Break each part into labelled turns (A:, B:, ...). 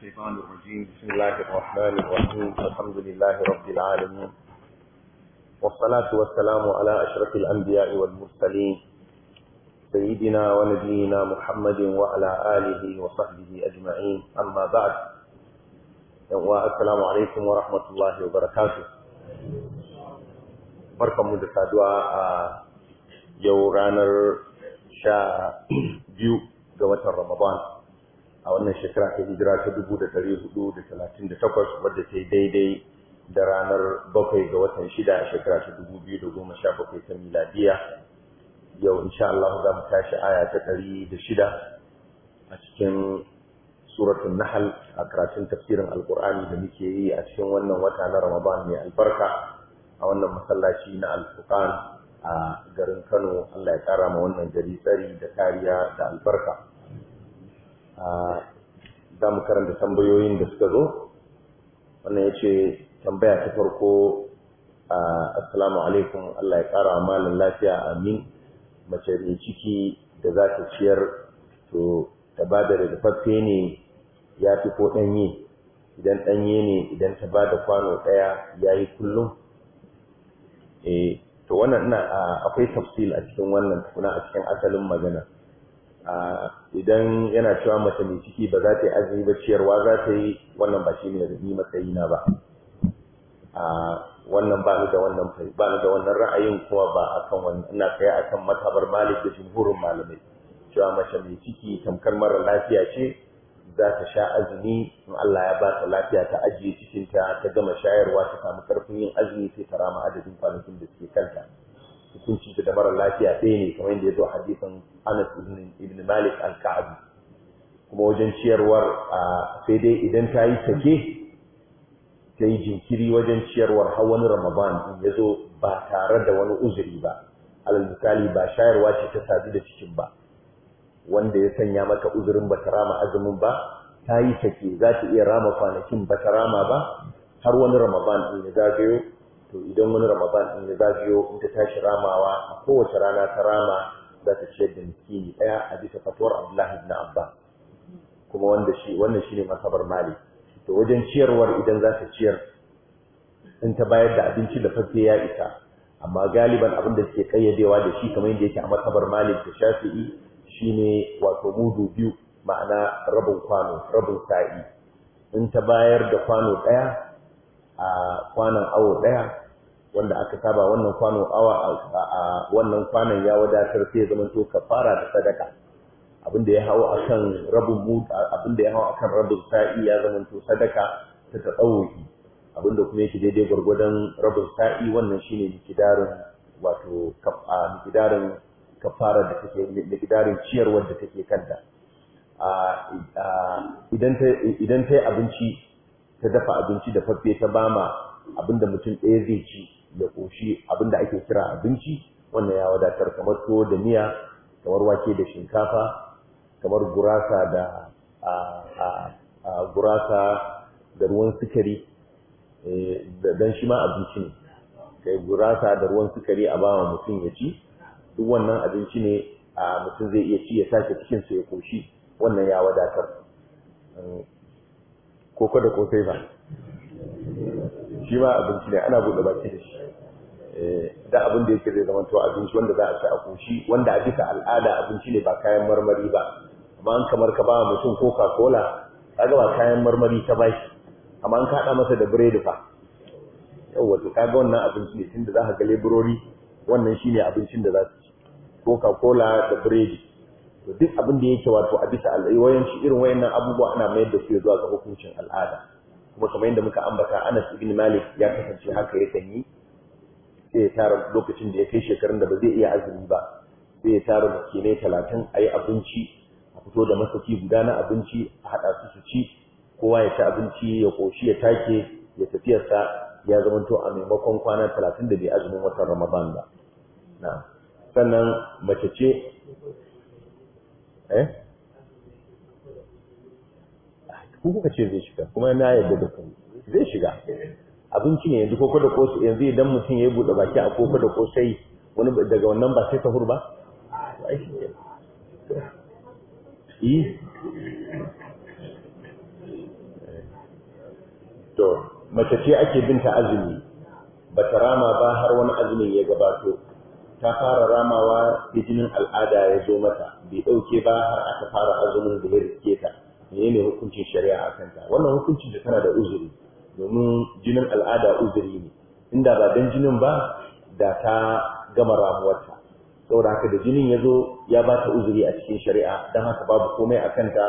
A: الشيطان الرجيم بسم الله الرحمن الرحيم الحمد لله رب العالمين والصلاة والسلام على أشرف الأنبياء والمرسلين سيدنا ونبينا محمد وعلى آله وصحبه أجمعين أما بعد السلام عليكم ورحمة الله وبركاته بركة مدسة دعاء آه، يورانر شاء بيو دوة رمضان a wannan shekara ta hijira ta dubu da ɗari hudu da talatin da takwas wadda ta yi daidai da ranar bakwai ga watan shida a shekara ta dubu biyu da goma sha bakwai ta miladiya yau insha Allah za mu tashi aya ta ɗari da shida a cikin suratun Nahal, a karatun tafsirin alkur'ani da muke yi a cikin wannan wata na ramadan mai albarka a wannan masallaci na alfurqan a garin kano Allah ya kara ma wannan gari tsari da kariya da albarka za mu karanta tambayoyin da suka zo wannan ya ce tambaya ta farko assalamu alaikum Allah ya ƙara malin lafiya amin mace mai ciki da za ta ciyar to ta ba da rufaffe ne ya fi ko ɗanye idan ɗanye ne idan ta ba da kwano ɗaya ya yi kullum eh, to wannan ina akwai tafsil a cikin wannan tukuna a cikin asalin magana idan yana cewa mace mai ciki ba za ta yi azumi ba ciyarwa za ta yi wannan ba shi ne da ni matsayina ba wannan ba ni da wannan ba ni da wannan ra'ayin kuma ba akan wannan ina kai akan matabar malik da jumhurin malamai cewa mace mai ciki tamkar mara lafiya ce za ta sha azumi in Allah ya ba ta lafiya ta ajiye cikinta ta gama shayarwa ta samu karfin yin azumi sai ta rama adadin kwanakin da suke kanta hukunci ta da mara lafiya ɗaya ne kamar yadda ya zo hadisan Anas ibn Malik al-Ka'abi kuma wajen ciyarwar sai dai idan ta yi sake ta yi jinkiri wajen ciyarwar har wani Ramadan ya zo ba tare da wani uzuri ba alal misali ba shayarwa ce ta sadu da cikin ba wanda ya sanya maka uzurin ba ta rama azumin ba ta yi sake za ta iya rama kwanakin ba ta rama ba har wani Ramadan ɗin ya zagayo to idan wani ramadan din ya zagayo in ta tashi ramawa a kowace rana ta rama za ta ciyar da miskini ɗaya a bisa fatuwar abdullahi ibn Abba, kuma wanda shi wannan shine masabar mali to wajen ciyarwar idan za ta ciyar in ta bayar da abinci da fafe ya isa amma galiban abin da suke kayyadewa da shi kamar yadda yake a masabar malik da shafi'i shine wato mudu biyu ma'ana rabin kwano rabin sa'i in ta bayar da kwano ɗaya a kwanan awo ɗaya wanda aka saba wannan kwano awa a wannan kwanan ya wadatar sai zama to fara da sadaka abin da ya hawo akan rabin mutu abin da ya hawo akan rabin sa'i ya zaman to sadaka ta tsawoki abin da kuma yake daidai gwargwadon rabin sa'i wannan shine mikidarin wato mikidarin kafara da take mikidarin ciyarwar da take kanta idan ta yi abinci ta dafa abinci da fafe ta bama abinda mutum ɗaya zai ci ya koshi abinda ake kira abinci wannan ya wadatar kamar tuwo da miya kamar wake da shinkafa kamar gurasa da a gurasa da ruwan sukari eh, da dan shi ma abinci ne kai gurasa da ruwan sukari a bawa mutum ya ci duk wannan abinci ne a mutum zai iya ci ya sake cikin sa ya koshi wannan ya wadatar ko kada ko sai ba shi ma abinci ne ana buɗe baki da shi eh, da abin da yake zai zama to abinci wanda za a ci a koshi wanda a bisa al'ada abinci ne ba kayan marmari ba amma an kamar ka ba mutum coca cola ga ba kayan marmari ta ba shi. amma an kaɗa masa da biredi fa yawwa to kaga wannan abinci ne tunda za ka ga leburori wannan shine abincin da za su ci coca cola da biredi to duk abin da yake wato a bisa al'ayoyanci irin wayannan abubuwa ana mayar da su zuwa ga hukuncin al'ada kuma kamar yadda muka ambata Anas ibn Malik ya kasance haka ya sanyi sai ya tara lokacin da ya kai shekarun da ba zai iya azumi ba sai ya tara miskinai talatin a yi abinci a fito da masaki guda na abinci a haɗa su su ci kowa ya ci abinci ya koshi ya take ya tafiyarsa ya zama zamanto a maimakon kwana talatin da bai azumin watan Ramadan ba na sannan mace ce eh ku kuka ce zai shiga kuma na yarda da kai zai shiga abinci ne yanzu koko da kosu yanzu idan mutum ya buɗe baki a koko da kosai wani daga wannan ba sai sahur ba yi to mace ce ake binta azumi ba ta rama ba har wani azumin ya gabato ta fara ramawa da jinin al'ada ya zo mata bai ɗauke ba har aka fara azumin da ya riske ta ne ne hukuncin shari'a a kanta wannan hukunci da tana da uzuri domin jinin al'ada uzuri ne inda ba dan jinin ba da ta gama ramuwarta saboda haka da jinin ya zo ya ba ta uzuri a cikin shari'a don haka babu komai a kanta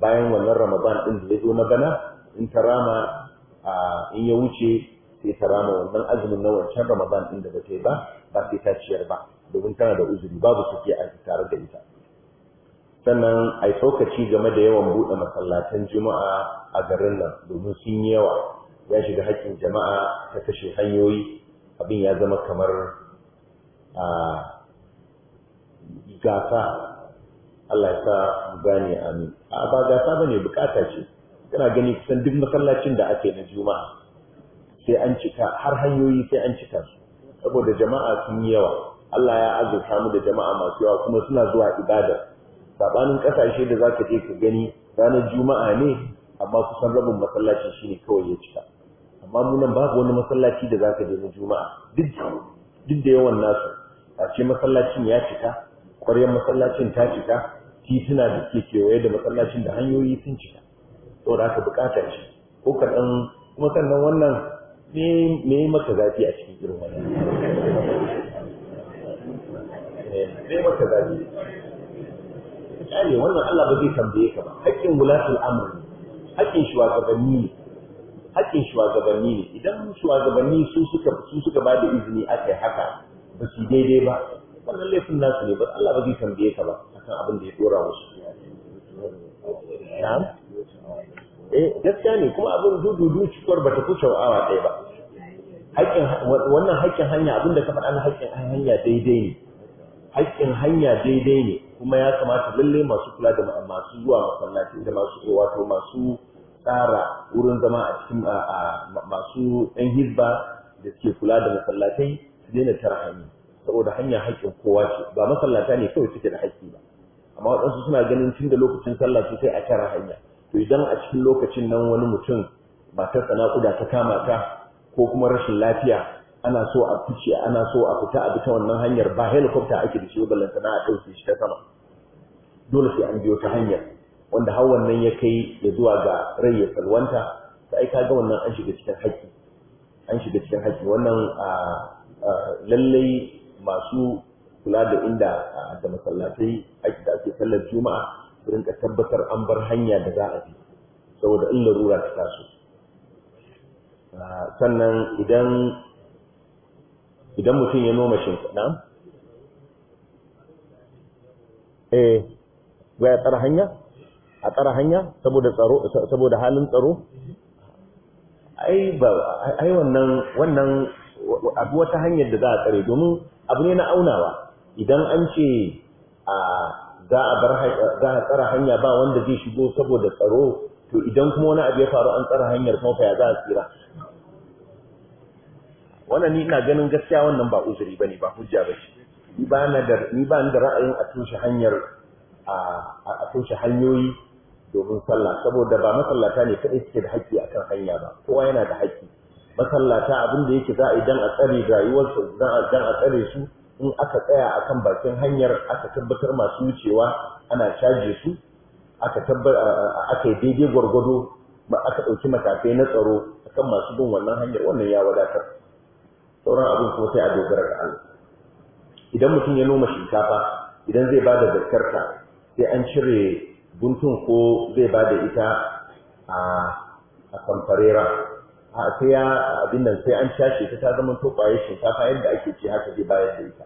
A: bayan wannan ramadan din da ya zo na bana in ta rama in ya wuce sai ta rama wannan azumin na wancan ramadan din da ba ta yi ba ba sai ta ciyar ba domin tana da uzuri babu suke a tare da ita sannan a saukaci game da yawan buɗe masallatan juma'a a garin nan domin sun yi yawa ya shiga haƙƙin jama'a ta kashe hanyoyi abin ya zama kamar a gasa Allah ya sa gane amin a ba gasa bane bukata ce kana gani kusan duk masallacin da ake na juma'a sai an cika har hanyoyi sai an cika su saboda jama'a sun yi yawa Allah ya azurta mu da jama'a masu yawa kuma suna zuwa ibada sabanin kasashe da zaka je ka gani ranar juma'a ne amma kusan rabin masallaci shine kawai ya cika amma mu nan babu wani masallaci da zaka je na juma'a duk duk da yawan nasu a ce masallacin ya cika ƙwaryar masallacin ta cika tituna da ke kewaye da masallacin da hanyoyi sun cika da aka bukata ce ko kaɗan kuma sannan wannan me maka zafi a cikin irin wannan eh, me maka zafi kyale wannan Allah ba zai tambaye ka ba haƙƙin wulatul amr haƙƙin shugabanni ne haƙƙin shugabanni ne idan shugabanni su suka su suka ba da izini akai haka ba su daidai ba wannan laifin nasu ne ba Allah ba zai tambaye ka ba
B: akan abin da ya dora musu na'am eh
A: gaskiya ne kuma abin dududu cikwar ta kuce awa ɗaya ba haƙƙin wannan haƙƙin hanya abin da ka faɗa na haƙƙin hanya daidai ne haƙƙin hanya daidai ne kuma ya kamata lalle masu kula da masu zuwa masallaci da masu wato masu tsara wurin zama a cikin masu ɗan hizba da suke kula da masallatai su daina tara hanyi saboda hanya haƙƙin kowa ce ba masallata ne kawai suke da haƙƙi ba amma waɗansu suna ganin tun da lokacin sallah su sai a tara hanya to idan a cikin lokacin nan wani mutum matarsa naƙuda ta kama ta ko kuma rashin lafiya ana so a fice ana so a fita a bita wannan hanyar ba helicopter ake da shi ballanta na a ɗauke shi ta sama dole sai an biyo ta hanyar wanda har wannan ya kai ya zuwa ga rai ya salwanta da ai ga wannan an shiga cikin haƙƙi an shiga cikin haƙƙi wannan lallai masu kula da inda da masallatai ake da ake sallar juma'a su rinka tabbatar an bar hanya da za a bi saboda in larura ta taso sannan idan idan mutum ya noma shinkafa eh ba ya tsara hanya a tsara hanya saboda tsaro saboda halin tsaro ai ba ai wannan wannan abu wata hanyar da za a tsare domin abu ne na aunawa idan an ce a za a bar za a tsara hanya ba wanda zai shigo saboda tsaro to idan kuma wani abu ya faru an tsara hanyar kuma fa ya za a tsira wannan ni na ganin gaskiya wannan ba uzuri bane ba hujja ni ba na da ni ba ni da ra'ayin a toshe hanyar a toshe hanyoyi domin sallah saboda ba masallata ne kadai suke da haƙƙi akan hanya ba kowa yana da haƙƙi masallata abin da yake za a idan a tsare rayuwarsa dan a tsare su in aka tsaya akan bakin hanyar aka tabbatar masu wucewa ana caje su aka tabbar aka daidai gwargwado ba aka ɗauki matakai na tsaro akan masu bin wannan hanyar wannan ya wadatar sauran abin kuma sai a dogara ga Allah idan mutum ya noma shinkafa idan zai ba bada zakarta sai an cire guntun ko zai ba da ita a a kamfarera a sai ya abin nan sai an cashe ta ta zama to shinkafa yadda ake ci haka zai bayar da ita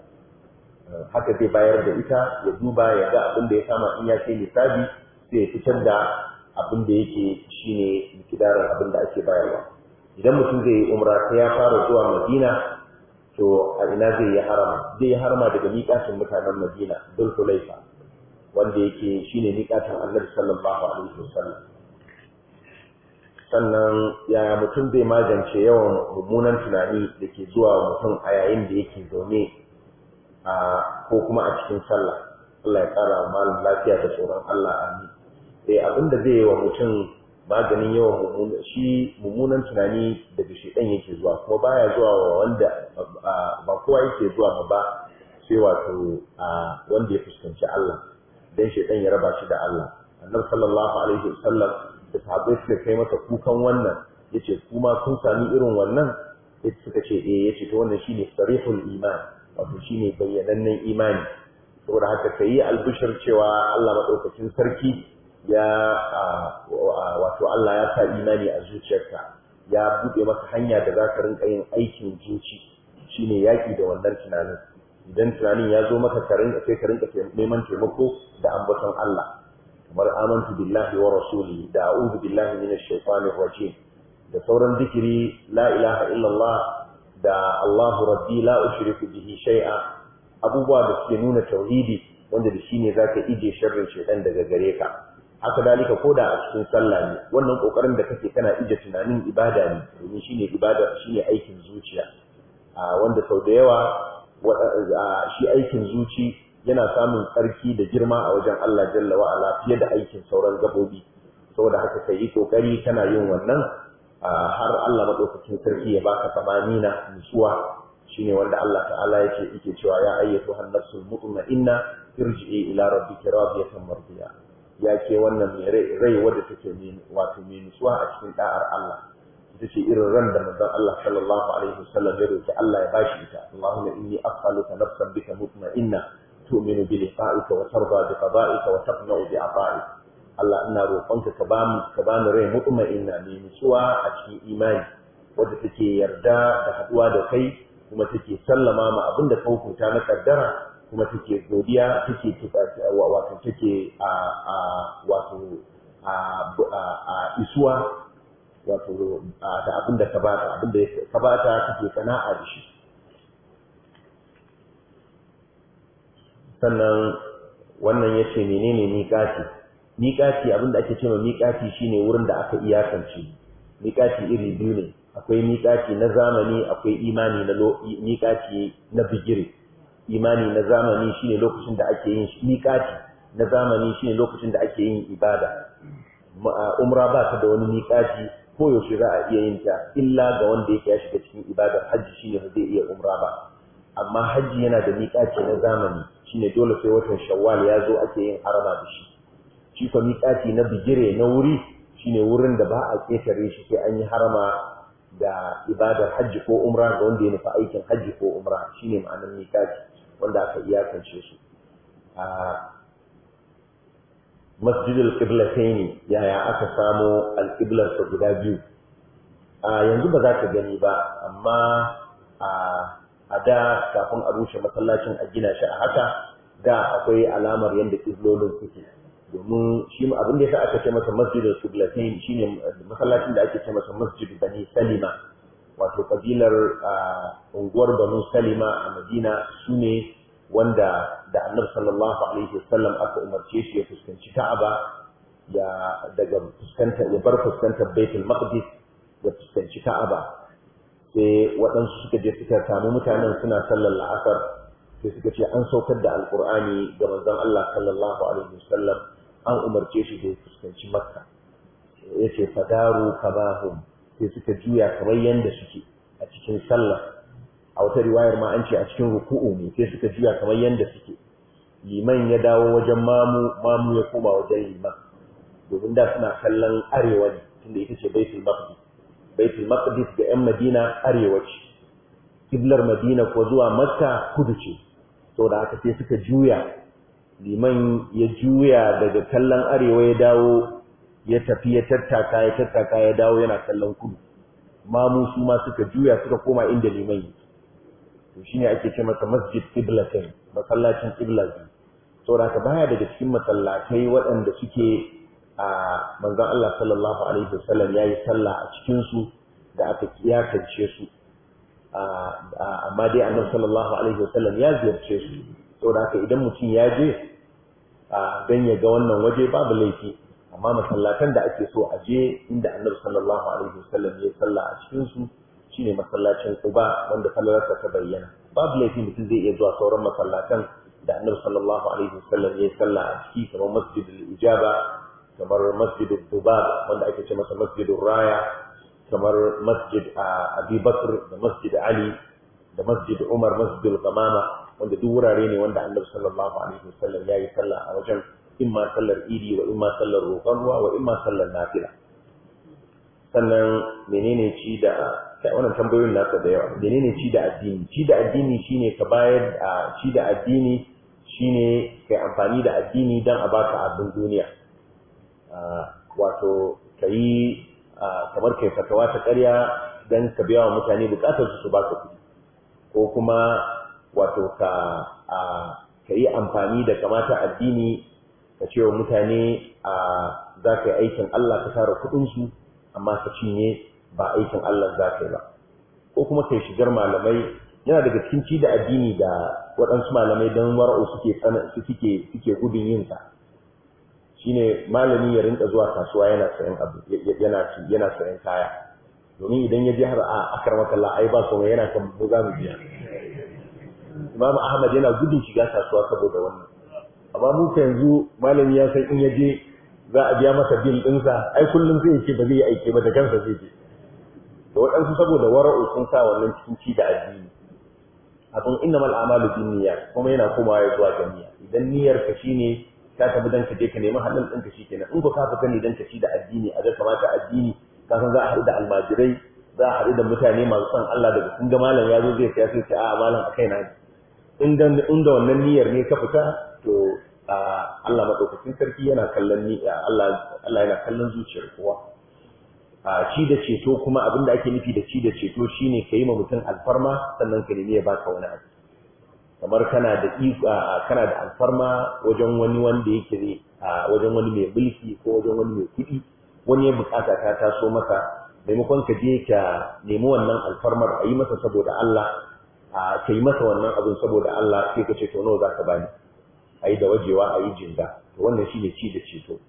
A: haka zai bayar da ita ya duba ya ga abin da ya kama in ya kai nisabi sai ya fitar da abin da yake shine kidarar abin da ake bayarwa idan mutum zai yi umra sai ya fara zuwa madina to a ina zai yi harama zai yi harama daga miƙatin mutanen madina dun hulaifa wanda yake shine miƙatin annabi sallallahu alaihi wasallam sannan yaya mutum zai magance yawan mummunan tunani da ke zuwa mutum a yayin da yake zaune a ko kuma a cikin sallah Allah ya ƙara malam lafiya da tsoron Allah amin sai eh, abin da zai yi wa mutum maganin yawan mummunan shi mummunan tunani daga shedan yake zuwa kuma baya zuwa wa wanda ba kowa yake zuwa ba sai wato wanda ya fuskanci Allah dan shedan ya raba shi da Allah annabi sallallahu alaihi wasallam da sahabbai suka kai masa kukan wannan yace kuma kun sami irin wannan yace suka ce eh yace to wannan shine sarihul iman wato shine bayyanannen imani saboda haka yi albishir cewa Allah madaukakin sarki ya wato Allah ya sa imani a zuciyarka ya buɗe maka hanya da za ka rinka yin aikin zuci shine yaƙi da wannan tunanin idan tunanin ya zo maka ka rinka sai ka rinka neman taimako da ambaton Allah kamar amantu billahi wa rasuli da a'udhu billahi minash shaitanir rajim da sauran zikiri la ilaha illallah da Allahu rabbi la ushriku bihi shay'a abubuwa da suke nuna tauhidi wanda da shine zaka ije sharrin shaitan daga gare ka haka dalika ko da a cikin sallah ne wannan kokarin da kake kana ije tunanin ibada ne domin shine ibada shine aikin zuciya a wanda sau da yawa shi
B: aikin zuci
A: yana samun tsarki da girma a wajen Allah jalla wa ala fiye da aikin sauran gabobi saboda haka kai yi kokari kana yin wannan har Allah madaukakin sarki ya baka tamanina nutsuwa shine wanda Allah ta'ala yake yake cewa ya ayyatu hannafsul mutma'inna irji'i ila rabbika radiyatan mardiya ya ce wannan mai rai wadda take wato mai nutsuwa a cikin da'ar Allah ita irin ran da manzon Allah sallallahu alaihi wasallam ya roki Allah ya bashi ita Allahumma inni as'aluka nafsan bika mutma'inna tu'minu bi liqa'ika wa tarda bi qada'ika wa taqna'u bi 'ata'ik Allah ina roƙonka ka ba mu ka ba mu rai mutma'inna mai nutsuwa a cikin imani wadda take yarda da haduwa da kai kuma take sallama ma abinda ka hukunta na kaddara kuma take godiya suke wato take a wato a isuwa wato da abin da ka bata abin da ka bata take sana'a da shi sannan wannan yace menene miƙati miƙati abin da ake cewa miƙati shine wurin da aka iyakance miƙati iri biyu ne akwai miƙati na zamani akwai imani na miƙati na bigire imani na zamani shine lokacin da ake yin miƙati na zamani shine lokacin da ake yin ibada umra ba ta da wani miƙati ko yaushe za a iya yin ta illa ga wanda yake ya shiga cikin ibada hajji shine ba zai iya umra ba amma hajji yana da miƙati na zamani shine dole sai watan shawwal ya zo ake yin harama da shi shi kuma miƙati na bigire na wuri shine wurin da ba a ƙetare shi sai an yi harama da ibadar hajji ko umra ga wanda ya nufi aikin hajji ko umra shine ma'anar miƙati wanda aka iyakance su a masjidul ya yaya aka samo alƙiblarsa ta guda biyu a yanzu ba za ka gani ba amma a da kafin a rushe masallacin a gina shi a haka da akwai alamar yadda ƙiblolin suke domin shi abin da yasa aka ce masa masjidul qiblatayn shine masallacin da ake ce masa masjid bani salima wato kabilar unguwar banu salima a madina su ne wanda da annabi sallallahu alaihi wasallam aka umarce shi ya fuskanci ka'aba ya daga fuskanta ya bar fuskantar baitul maqdis ya fuskanci ka'aba sai waɗansu suka je suka samu mutanen suna sallar la'asar sai suka ce an saukar da alkur'ani ga manzon Allah sallallahu alaihi wasallam an umarce shi da ya fuskanci makka yace fadaru kabahum sai suka juya kamar yanda suke a cikin sallah a wata riwayar ma an ce a cikin ruku'u ne sai suka juya kamar yadda suke liman ya dawo wajen mamu mamu ya koma wajen liman domin da suna kallon arewa ne tunda ita ce baitul maqdis baitul maqdis ga yan madina arewa ce kiblar madina ko zuwa makka kudu ce saboda haka sai suka juya liman ya juya daga kallon arewa ya dawo ya tafi ya tattaka ya tattaka ya dawo yana kallon kudu mamu su ma suka juya suka koma inda liman yake to shine ake ce masa masjid qiblatain masallacin qibla biyu da haka baya daga cikin masallatai waɗanda suke a manzon Allah sallallahu alaihi wasallam yayi sallah a cikin su da aka kiyakance su amma dai annabi sallallahu alaihi wasallam ya ziyarce su saboda haka idan mutum ya je a ya ga wannan waje babu laifi amma masallatan da ake so a je inda annabi sallallahu alaihi wasallam ya salla a cikin su shine masallacin Quba wanda sallarsa ta bayyana babu laifi mutum zai iya zuwa sauran masallatan da annabi sallallahu alaihi wasallam ya salla a ciki kamar masjidul ijaba kamar masjidul dubab wanda ake ce masa masjidul raya kamar masjid Abi Bakr da masjid Ali da masjid Umar masjidul Gamama wanda duk wurare ne wanda annabi sallallahu alaihi wasallam ya yi sallah a wajen in ma sallar idi wa in ma sallar roƙon ruwa wa in ma sallar nafila sannan menene ci da wannan tambayoyin nasa da yawa menene ci da addini ci da addini shine ka bayar a ci da addini shine kai amfani da addini dan a baka abin duniya wato kai kamar kai fatawa ta ƙarya dan ka biya wa mutane bukatar su su baka kuɗi ko kuma wato ka ka yi amfani da kamata addini ka ce mutane a za ka yi aikin Allah ka tara kuɗinsu amma ka cinye ba aikin Allah za ka yi ba ko kuma kai shigar malamai yana daga cikin ci da addini da waɗansu malamai don wara'u suke gudun yin Shi shine malami ya rinka zuwa kasuwa yana sayan abu yana sayan kaya domin idan ya je har a akar makalla ai ba so yana kan mu za mu biya Imam Ahmad yana gudun shiga kasuwa saboda wannan amma mu yanzu malami ya san in ya je za a biya masa bil ɗinsa ai kullum zai ce ba zai yi aiki ba da kansa zai je da waɗansu saboda wara'u sun sa wannan ci da addini abin innamal a'malu binniyat kuma yana komawa ya zuwa ga niyya idan niyyar ka shine ka tafi dan ka je ka nemi halal ɗinka shi kenan in ko ka fita ne dan ka ci da addini a ga kamata addini ka san za a haɗu da almajirai za a haɗu da mutane masu san Allah daga kun ga malam ya zo zai siya sai ce a malam akai na in da wannan niyyar ne ka fita to Allah madaukakin sarki yana kallon ni Allah Allah yana kallon zuciyar kowa a ci da ceto kuma abin da ake nufi da ci da ceto shine ka yi ma mutum alfarma sannan ka nemi ya baka wani abu kamar kana da kana da alfarma wajen wani wanda yake wajen wani mai mulki ko wajen wani mai kuɗi wani ya bukata ta taso maka maimakon ka je ka nemi wannan alfarmar a yi masa saboda Allah a kai masa wannan abin saboda Allah sai ka ce to nawa za ka bani a yi da wajewa a yi jinda to wannan shi ne ci da ceto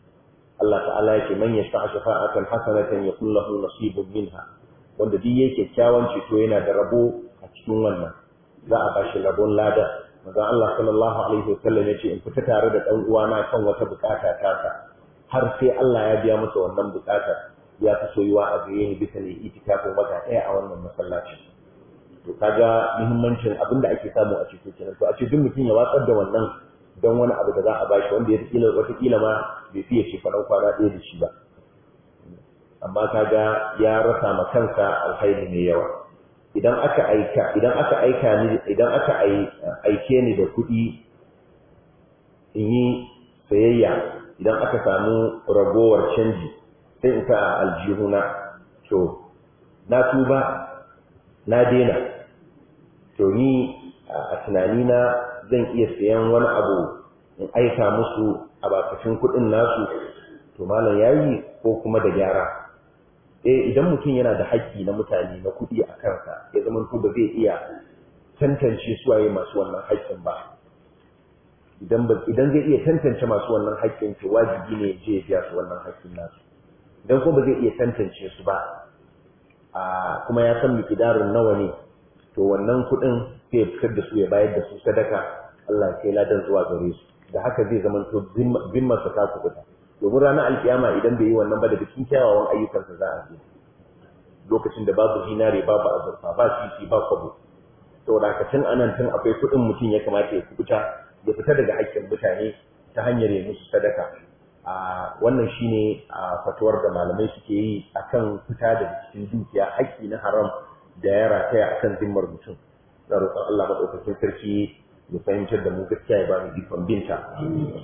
A: Allah ta'ala ya ce man yashfa shafa'atan hasanatan yakun lahu nasibun minha wanda duk yake kyakkyawan ceto yana da rabo a cikin wannan za a bashi rabon lada maza Allah sallallahu alaihi wasallam ya ce in fita tare da dan na kan wata bukata ta har sai Allah ya biya masa wannan bukatar ya fi soyuwa a gare ni bisa ne itikafin wata ɗaya a wannan masallaci to kaga muhimmancin abin da ake samu a cikin kenan to a ce duk mutum ya watsar da wannan don wani abu da za a bashi wanda ya kila ma bai fiye faɗan kwana ɗaya da shi ba amma kaga ya rasa ma kansa alhaini mai yawa idan aka aika idan aka aika ni idan aka aike ni da kuɗi in yi sayayya idan aka samu ragowar canji sai in sa aljihuna to na tuba na daina to ni a na. zan iya sayan wani abu in aika musu a bakafin kuɗin nasu to malam yayi ko kuma da gyara eh idan mutum yana da haƙƙi na mutane na kuɗi a kansa ya zama ko ba zai iya tantance su waye masu wannan haƙƙin ba idan ba idan zai iya tantance masu wannan haƙƙin to wajibi ne je ya biya su wannan haƙƙin nasu idan ko ba zai iya tantance su ba a kuma ya san miƙidarin nawa ne to wannan kuɗin sai ya fitar da su ya bayar da su sadaka Allah ya kai ladan zuwa gare su da haka zai zama to zimmar su ta kubuta domin ranar alkiyama idan bai yi wannan ba daga cikin kyawawan ayyukansa za a ji lokacin da babu zinari babu azurfa ba shi ba kwabo Da haka tun anan tun akwai kuɗin mutum ya kamata ya kubuta ya fita daga hakkin mutane ta hanyar ya musu sadaka a wannan shine a fatuwar da malamai suke yi akan fita daga cikin dukiya haƙƙi na haram da ya rataya akan zimmar mutum na roƙon Allah maɗaukakin sarki ya fahimtar da mu gaskiya ya bani ikon binta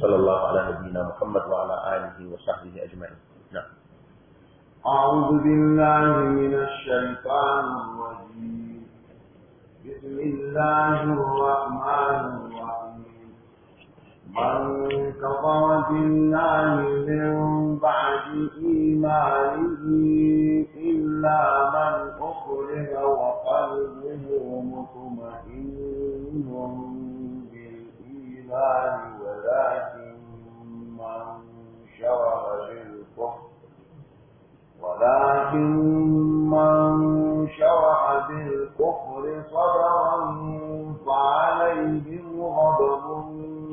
A: sallallahu ala nabiyina muhammad wa ala alihi wa sahbihi ajma'in na
B: أعوذ بالله من الشيطان الرجيم بسم الله الرحمن الرحيم من كفر بالله من بعد إيمانه إلا من ولكن من شرح بالكفر صدرا فعليهم غضب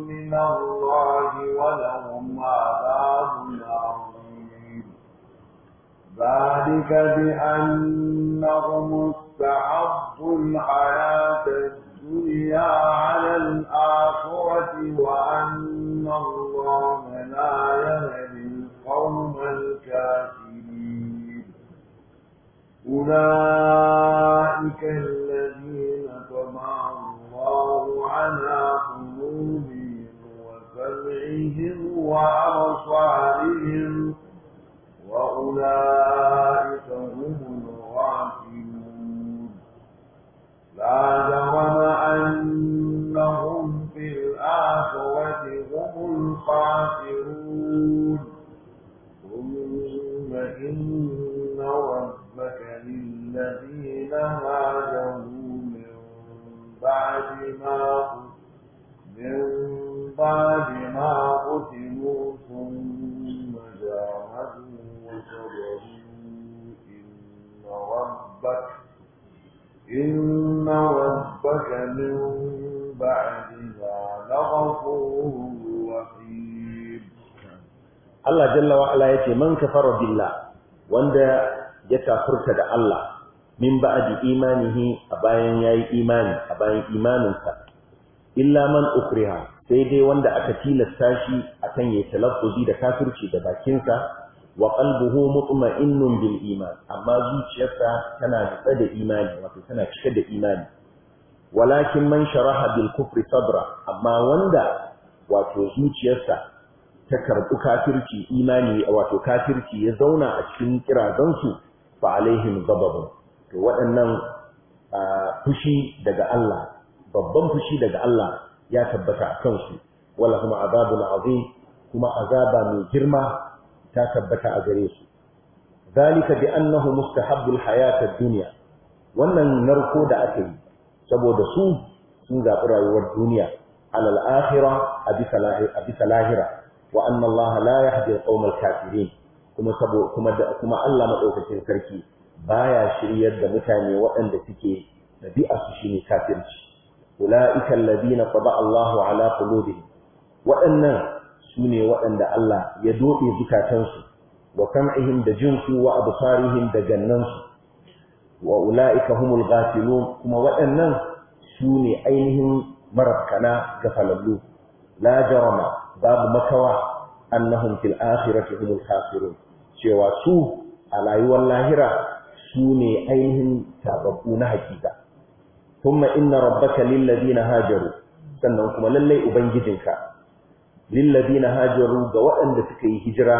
B: من الله ولهم عذاب عظيم ذلك بأنهم استحبوا الحياة الدنيا على الآخرة وأن الله لا يهدي القوم الكافرين
A: أولئك
B: الذين طبع الله على قلوبهم وسمعهم وأبصارهم وأولئك هم الغافلون لا جرم الخاسرون ثم إن ربك للذين هاجروا من بعد ما من بعد ما قتلوا ثم جاهدوا وصبروا إن ربك إن ربك من
A: Allah jalla wa ala yace man kafara billah wanda ya kafurta da Allah min ba'di imanihi a bayan yayi imani a bayan imaninsa illa man ukriha sai dai wanda aka tilasta shi akan yayi talaffuzi da kafirci da bakinsa wa qalbuhu mutma'innun bil iman amma
B: zuciyarsa
A: tana da da imani wato tana cike da imani walakin man sharaha bil kufri sadra amma wanda wato zuciyarsa ta karɓi kafirci imani wato kafirci ya zauna a cikin kirazansu fa alaihim ghadabun to waɗannan fushi daga Allah babban fushi daga Allah ya tabbata a kansu wala kuma azabun azim kuma azaba mai girma ta tabbata a gare su zalika bi annahu mustahabbul hayatad dunya wannan narko da aka yi saboda su sun zaɓi rayuwar duniya alal akhirah a bisa lahira wa anna Allah la yahdi al-qawmal kafirin kuma sabo kuma da kuma Allah madaukakin sarki baya shiryar da mutane waɗanda suke dabi'a su shine kafirci ulaika alladhina qada Allahu ala qulubihim waɗannan sune waɗanda Allah ya dobe zukatansu wa kam'ihim da jinsu wa absarihim da gannansu wa ulaika humul ghafilun kuma waɗannan sune ainihin marabkana gafalallu la jarama babu makawa annahum fil akhirati humul khasirun cewa su a rayuwar lahira su ne ainihin tababbu na hakika thumma inna rabbaka lil ladina hajaru sannan kuma lallai ubangijinka lil ladina hajaru ga waɗanda suka yi hijira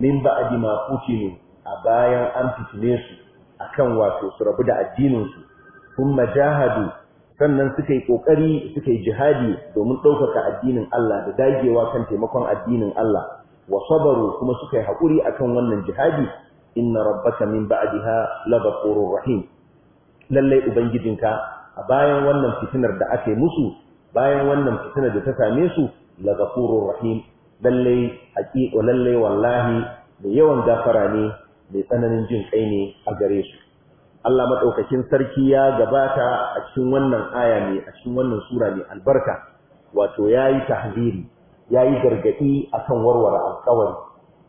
A: min ba'di ma futinu a bayan an fitine su akan wato su rabu da addinin su thumma jahadu sannan suka yi kokari suka yi jihadi domin ɗaukaka addinin Allah da dagewa kan taimakon addinin Allah wa sabaru kuma suka yi haƙuri akan wannan jihadi inna rabbaka min ba'daha la ghafurur rahim lalle ubangijinka a bayan wannan fitinar da aka yi musu bayan wannan fitinar da ta same su la ghafurur rahim lalle haƙiƙo lalle wallahi da yawan gafara ne mai tsananin jin kai ne a gare su Allah maɗaukakin sarki ya gabata a cikin wannan aya ne a cikin wannan sura ne albarka wato yayi tahziri yayi gargadi akan warware alƙawari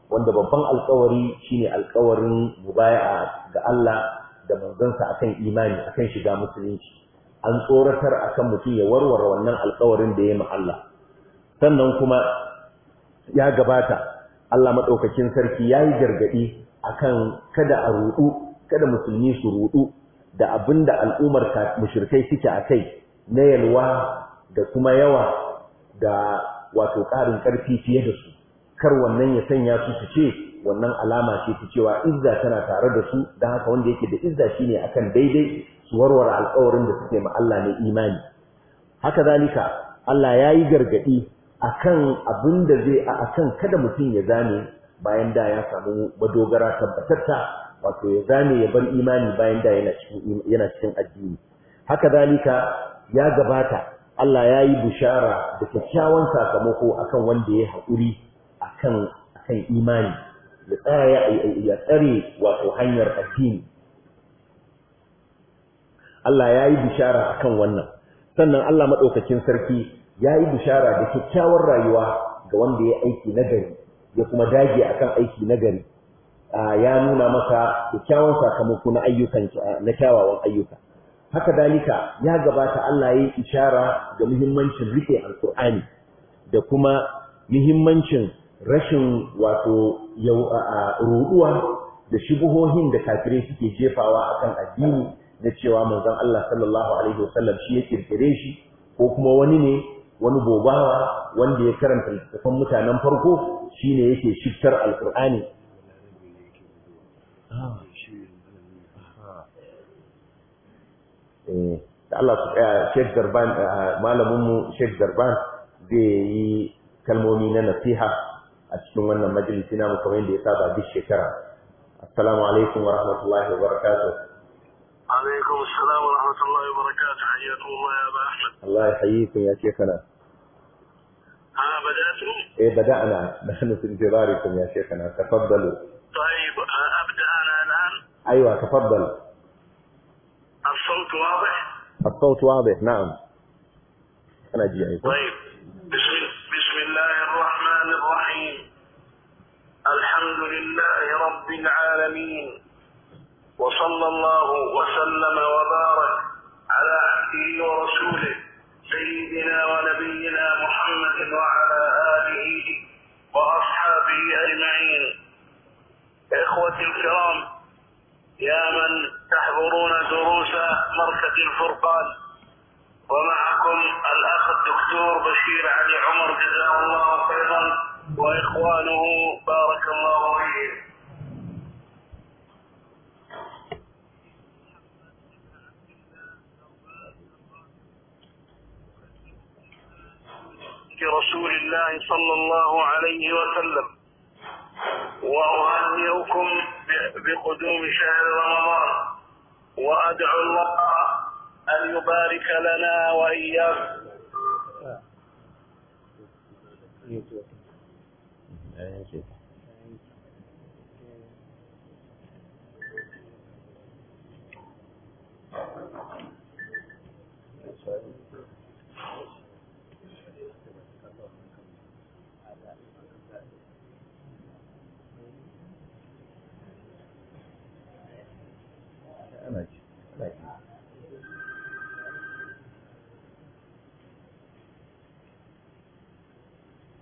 A: wanda babban alƙawari shine alƙawarin mubaya'a ga Allah da manzansa akan imani akan shiga musulunci an tsoratar akan mutum ya warware wannan alƙawarin da ya ma Allah sannan kuma ya gabata Allah maɗaukakin sarki yayi gargadi akan kada a ruɗu. kada musulmi su rudu da abinda al'ummar mushirikai suke a kai na yalwa da kuma yawa da wato ƙarin ƙarfi fiye da su kar wannan ya sanya su su ce wannan alama ce ta cewa izza tana tare da su don haka wanda yake da izza shine akan daidai su warware alƙawarin da suke ma Allah ne imani haka zalika Allah ya yi gargaɗi akan abin da zai akan kada mutum ya zame bayan da ya samu madogara tabbatatta wato ya zame ya bar imani bayan da yana cikin addini haka zalika ya gabata Allah ya yi bushara da kyakkyawan sakamako akan wanda ya haƙuri akan akan imani ya tsaya ya tsare wato hanyar addini Allah ya yi bishara akan wannan sannan Allah madaukakin sarki ya yi bishara da kyakkyawar rayuwa ga wanda ya aiki nagari ya kuma dage akan aiki nagari ya nuna masa kyakkyawan sakamako na ayyukan na kyawawan ayyuka haka dalika ya gabata Allah ya yi ishara ga muhimmancin rike alkur'ani da kuma muhimmancin rashin wato ruɗuwa da shubuhohin da kafirai suke jefawa akan addini na cewa manzon Allah sallallahu alaihi wasallam shi ya kirkire shi ko kuma wani ne wani bobawa wanda ya karanta littattafan mutanen farko shine yake shiftar alkur'ani Eh, da Allah su ɗaya Sheikh Darban eh, malaminmu Sheikh Darban zai yi kalmomi na nasiha a cikin wannan majalisi na kamar yadda ya saba duk shekara assalamu alaikum wa rahmatullahi wa barakatuh
B: alaikum assalam wa rahmatullahi wa barakatuh hayyakumullah ya ba
A: Allah ya hayyikum ya shekana ah بدأتم ايه بدأنا نحن ya ce kana شيخنا
B: Tayyib a
A: أيوة تفضل
B: الصوت واضح
A: الصوت واضح نعم
B: أنا أجي يعني. طيب بسم, بسم الله الرحمن الرحيم الحمد لله رب العالمين وصلى الله وسلم وبارك على عبده ورسوله سيدنا ونبينا محمد وعلى آله وأصحابه أجمعين إخوتي الكرام يا من تحضرون دروس مركز الفرقان ومعكم الأخ الدكتور بشير علي عمر جزاه الله خيرا وإخوانه بارك الله فيهم برسول الله صلى الله عليه وسلم وأهنئكم بقدوم شهر رمضان وأدعو الله أن يبارك لنا وإياكم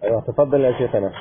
A: أيوة تفضل يا شيخنا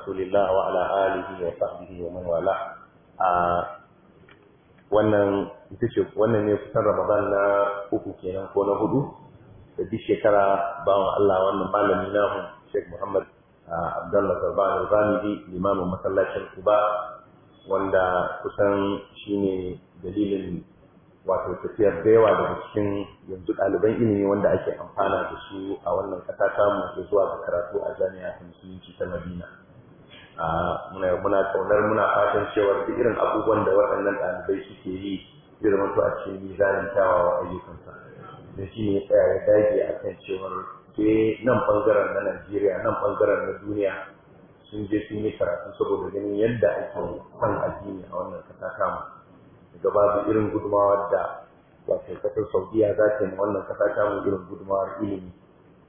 A: rasulillah wa ala alihi wa sahbihi wa man wala a wannan bishop wannan ne kusan ramadan na uku kenan ko na hudu da duk shekara bawa Allah wannan malami mu Sheikh Muhammad Abdullah Zarbani Zamidi limamin masallacin Kuba wanda kusan shine dalilin wato tafiyar da yawa daga cikin yanzu ɗaliban ilimi wanda ake amfana da su a wannan ƙasa tamu ke zuwa ga karatu a jami'a ta musulunci ta madina muna kaunar muna fatan cewa duk irin abubuwan da waɗannan ɗalibai suke yi zai zama a cikin mizanin kyawawa ayyukansa da shi ne tsaya ya dage a kan cewar ke nan ɓangaren na najeriya nan ɓangaren na duniya sun je sun yi karatu saboda ganin yadda ake kan addini a wannan kasa kama daga babu irin gudumawa da wato kasar saudiya za ta yi wannan kasa kama irin gudumawar ilimi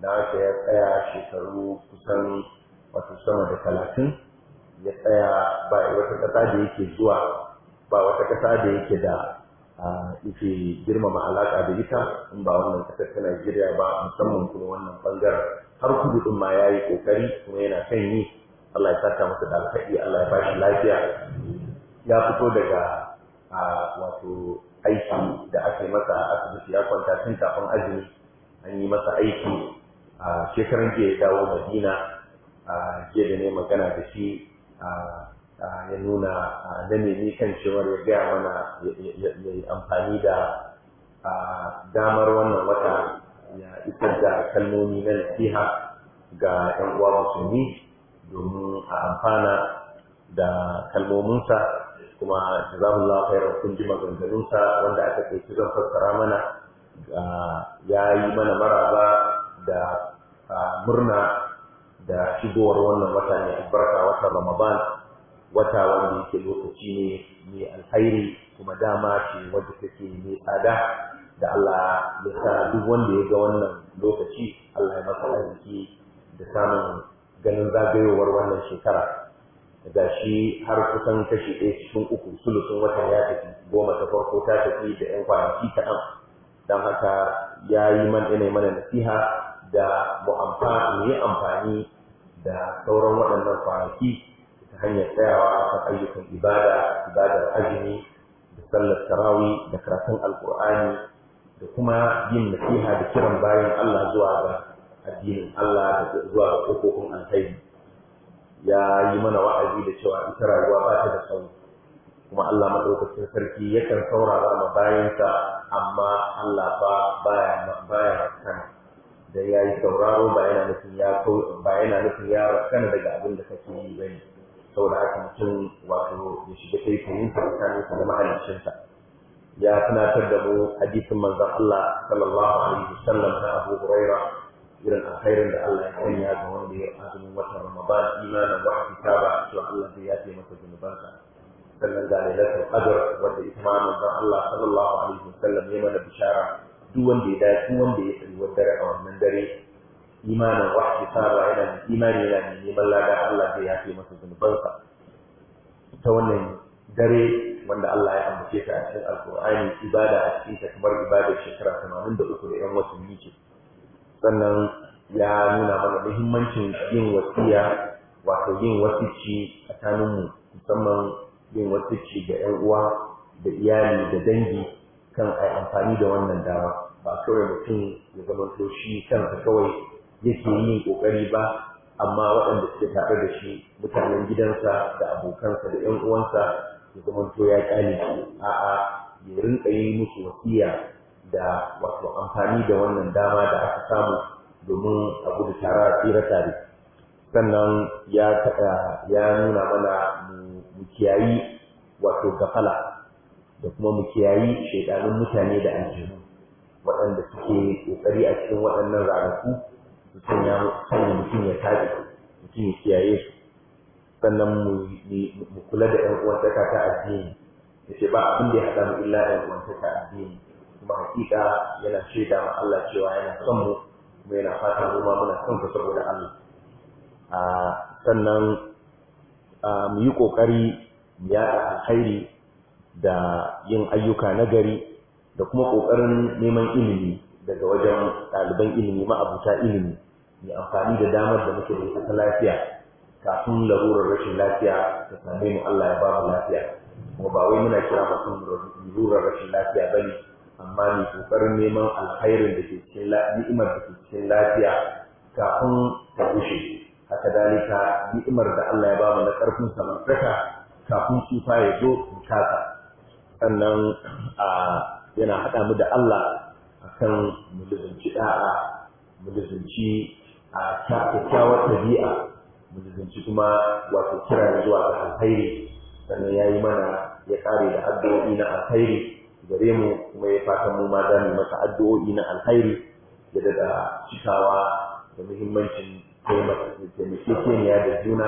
A: na ya tsaya shekaru kusan wato sama da talatin ya tsaya ba wata ƙasa da yake zuwa ba wata ƙasa da yake da yake girmama alaƙa da ita in ba wannan ƙasar ta Najeriya ba musamman kuma wannan bangaren har kudu ɗin ma ya yi kokari kuma yana kan yi Allah ya saka masa da alƙa'i Allah ya ba shi lafiya ya fito daga wato aiki da aka masa a asibiti ya kwanta tun kafin azumi an yi masa aiki a shekaran jiya ya dawo Madina a jiya da ne magana da shi ya nuna da kan cewar ya gaya mana ya amfani da damar wannan wata ya isar da kalmomi na nasiha ga 'yan uwa musulmi domin a amfana da kalmominsa kuma jazahullah khairan kun ji maganganunsa wanda aka kai zan fassara mana ya yi mana maraba da murna da shigowar wannan wata ne albarka wata ramadan wata wanda yake lokaci ne mai alhairi kuma dama ce wadda take mai tsada da Allah ya sa duk wanda ya ga wannan lokaci Allah ya masa arziki da samun ganin zagayowar wannan shekara ga shi har kusan kashi ɗaya cikin uku sulusun watan ya tafi goma ta farko ta tafi da 'yan kwanaki kaɗan don haka ya yi mana mana nasiha da mu amfani yi amfani da sauran waɗannan kwanaki ta hanyar tsayawa kan ayyukan ibada ibadar azumi da sallar tarawi da karatun alkur'ani da kuma yin nasiha da kiran bayan Allah zuwa ga addinin Allah da zuwa ga kokokun alkhairi ya yi mana wa'azi da cewa ita rayuwa ba ta da sauri kuma Allah madaukakin sarki yakan saurara ma bayansa amma Allah ba baya baya kana da ya yi sauraro ba yana nufin ya ba daga abin da kake yi bane saboda haka mutum wato ya shiga kai kayin tsakanin sa da mahaliccin sa ya tunatar da mu hadisin manzon Allah sallallahu alaihi wasallam na Abu Huraira irin alkhairin da Allah ya sanya ga wanda ya azumin watan Ramadan imanin wa kitaba to Allah zai yafe masa zunubansa sannan ga lailatul qadr wanda ita ma manzon Allah sallallahu alaihi wasallam ya mana bishara duk wanda ya dace wanda ya tsari wata a wannan dare imanin wahyi saba yana da imani yana da neman lada Allah zai yafe masa zunubansa ta wannan dare wanda Allah ya ambace ta a cikin alkur'ani ibada a cikin ta kamar ibadar shekara 83 da uku da yan watanni ce sannan ya nuna mana muhimmancin yin wasiya wato yin wasici tsakaninmu musamman yin wasici ga 'yan uwa da iyali da dangi kan ai amfani da wannan dama ba kawai mutum ya zama to shi kansa kawai yake yin kokari ba amma waɗanda suke tare da shi mutanen gidansa da abokansa da ƴan uwansa ya zama to ya kyale shi a'a ya rinka yi musu wasiya da wato amfani da wannan dama da aka samu domin a gudu tara a tsira tare sannan ya ya nuna mana mu kiyayi wato gafala da kuma mu kiyayi shaidanun mutane da aljanu waɗanda suke kokari a cikin waɗannan ranaku su sanya sanya mutum ya tafi mutum ya kiyaye su sannan mu kula da ƴan uwantaka ta addini da ce ba abin da ya haɗa mu illa ƴan uwantaka addini kuma haƙiƙa yana shaida ma Allah cewa yana son mu kuma yana fata mu ma muna son ka saboda Allah ah, sannan ah, mu yi ƙoƙari, mu yaɗa alkhairi da yin ayyuka na gari da kuma ƙoƙarin neman ilimi daga wajen ɗaliban ilimi ma'abuta ilimi mai amfani da damar da muke da ta lafiya kafin larurar rashin lafiya ta same mu Allah ya ba lafiya kuma ba wai muna kira mutum larurar rashin lafiya ba ne amma ne ƙoƙarin neman alkhairin da ke cikin lafiya kafin ta gushe haka dalika ni'imar da Allah ya ba mu na ƙarfin samartaka kafin cuta ya zo mu sannan yana haɗa mu da Allah akan kan mulzunci da'a mulzunci a kyakkyawar ɗabi'a mu kuma wato kira zuwa ga alkhairi sannan ya yi mana ya ƙare da addu'o'i na alkhairi gare mu kuma ya fatan mu ma za mu masa addu'o'i na alkhairi da daga cikawa da muhimmancin taimakekeniya da juna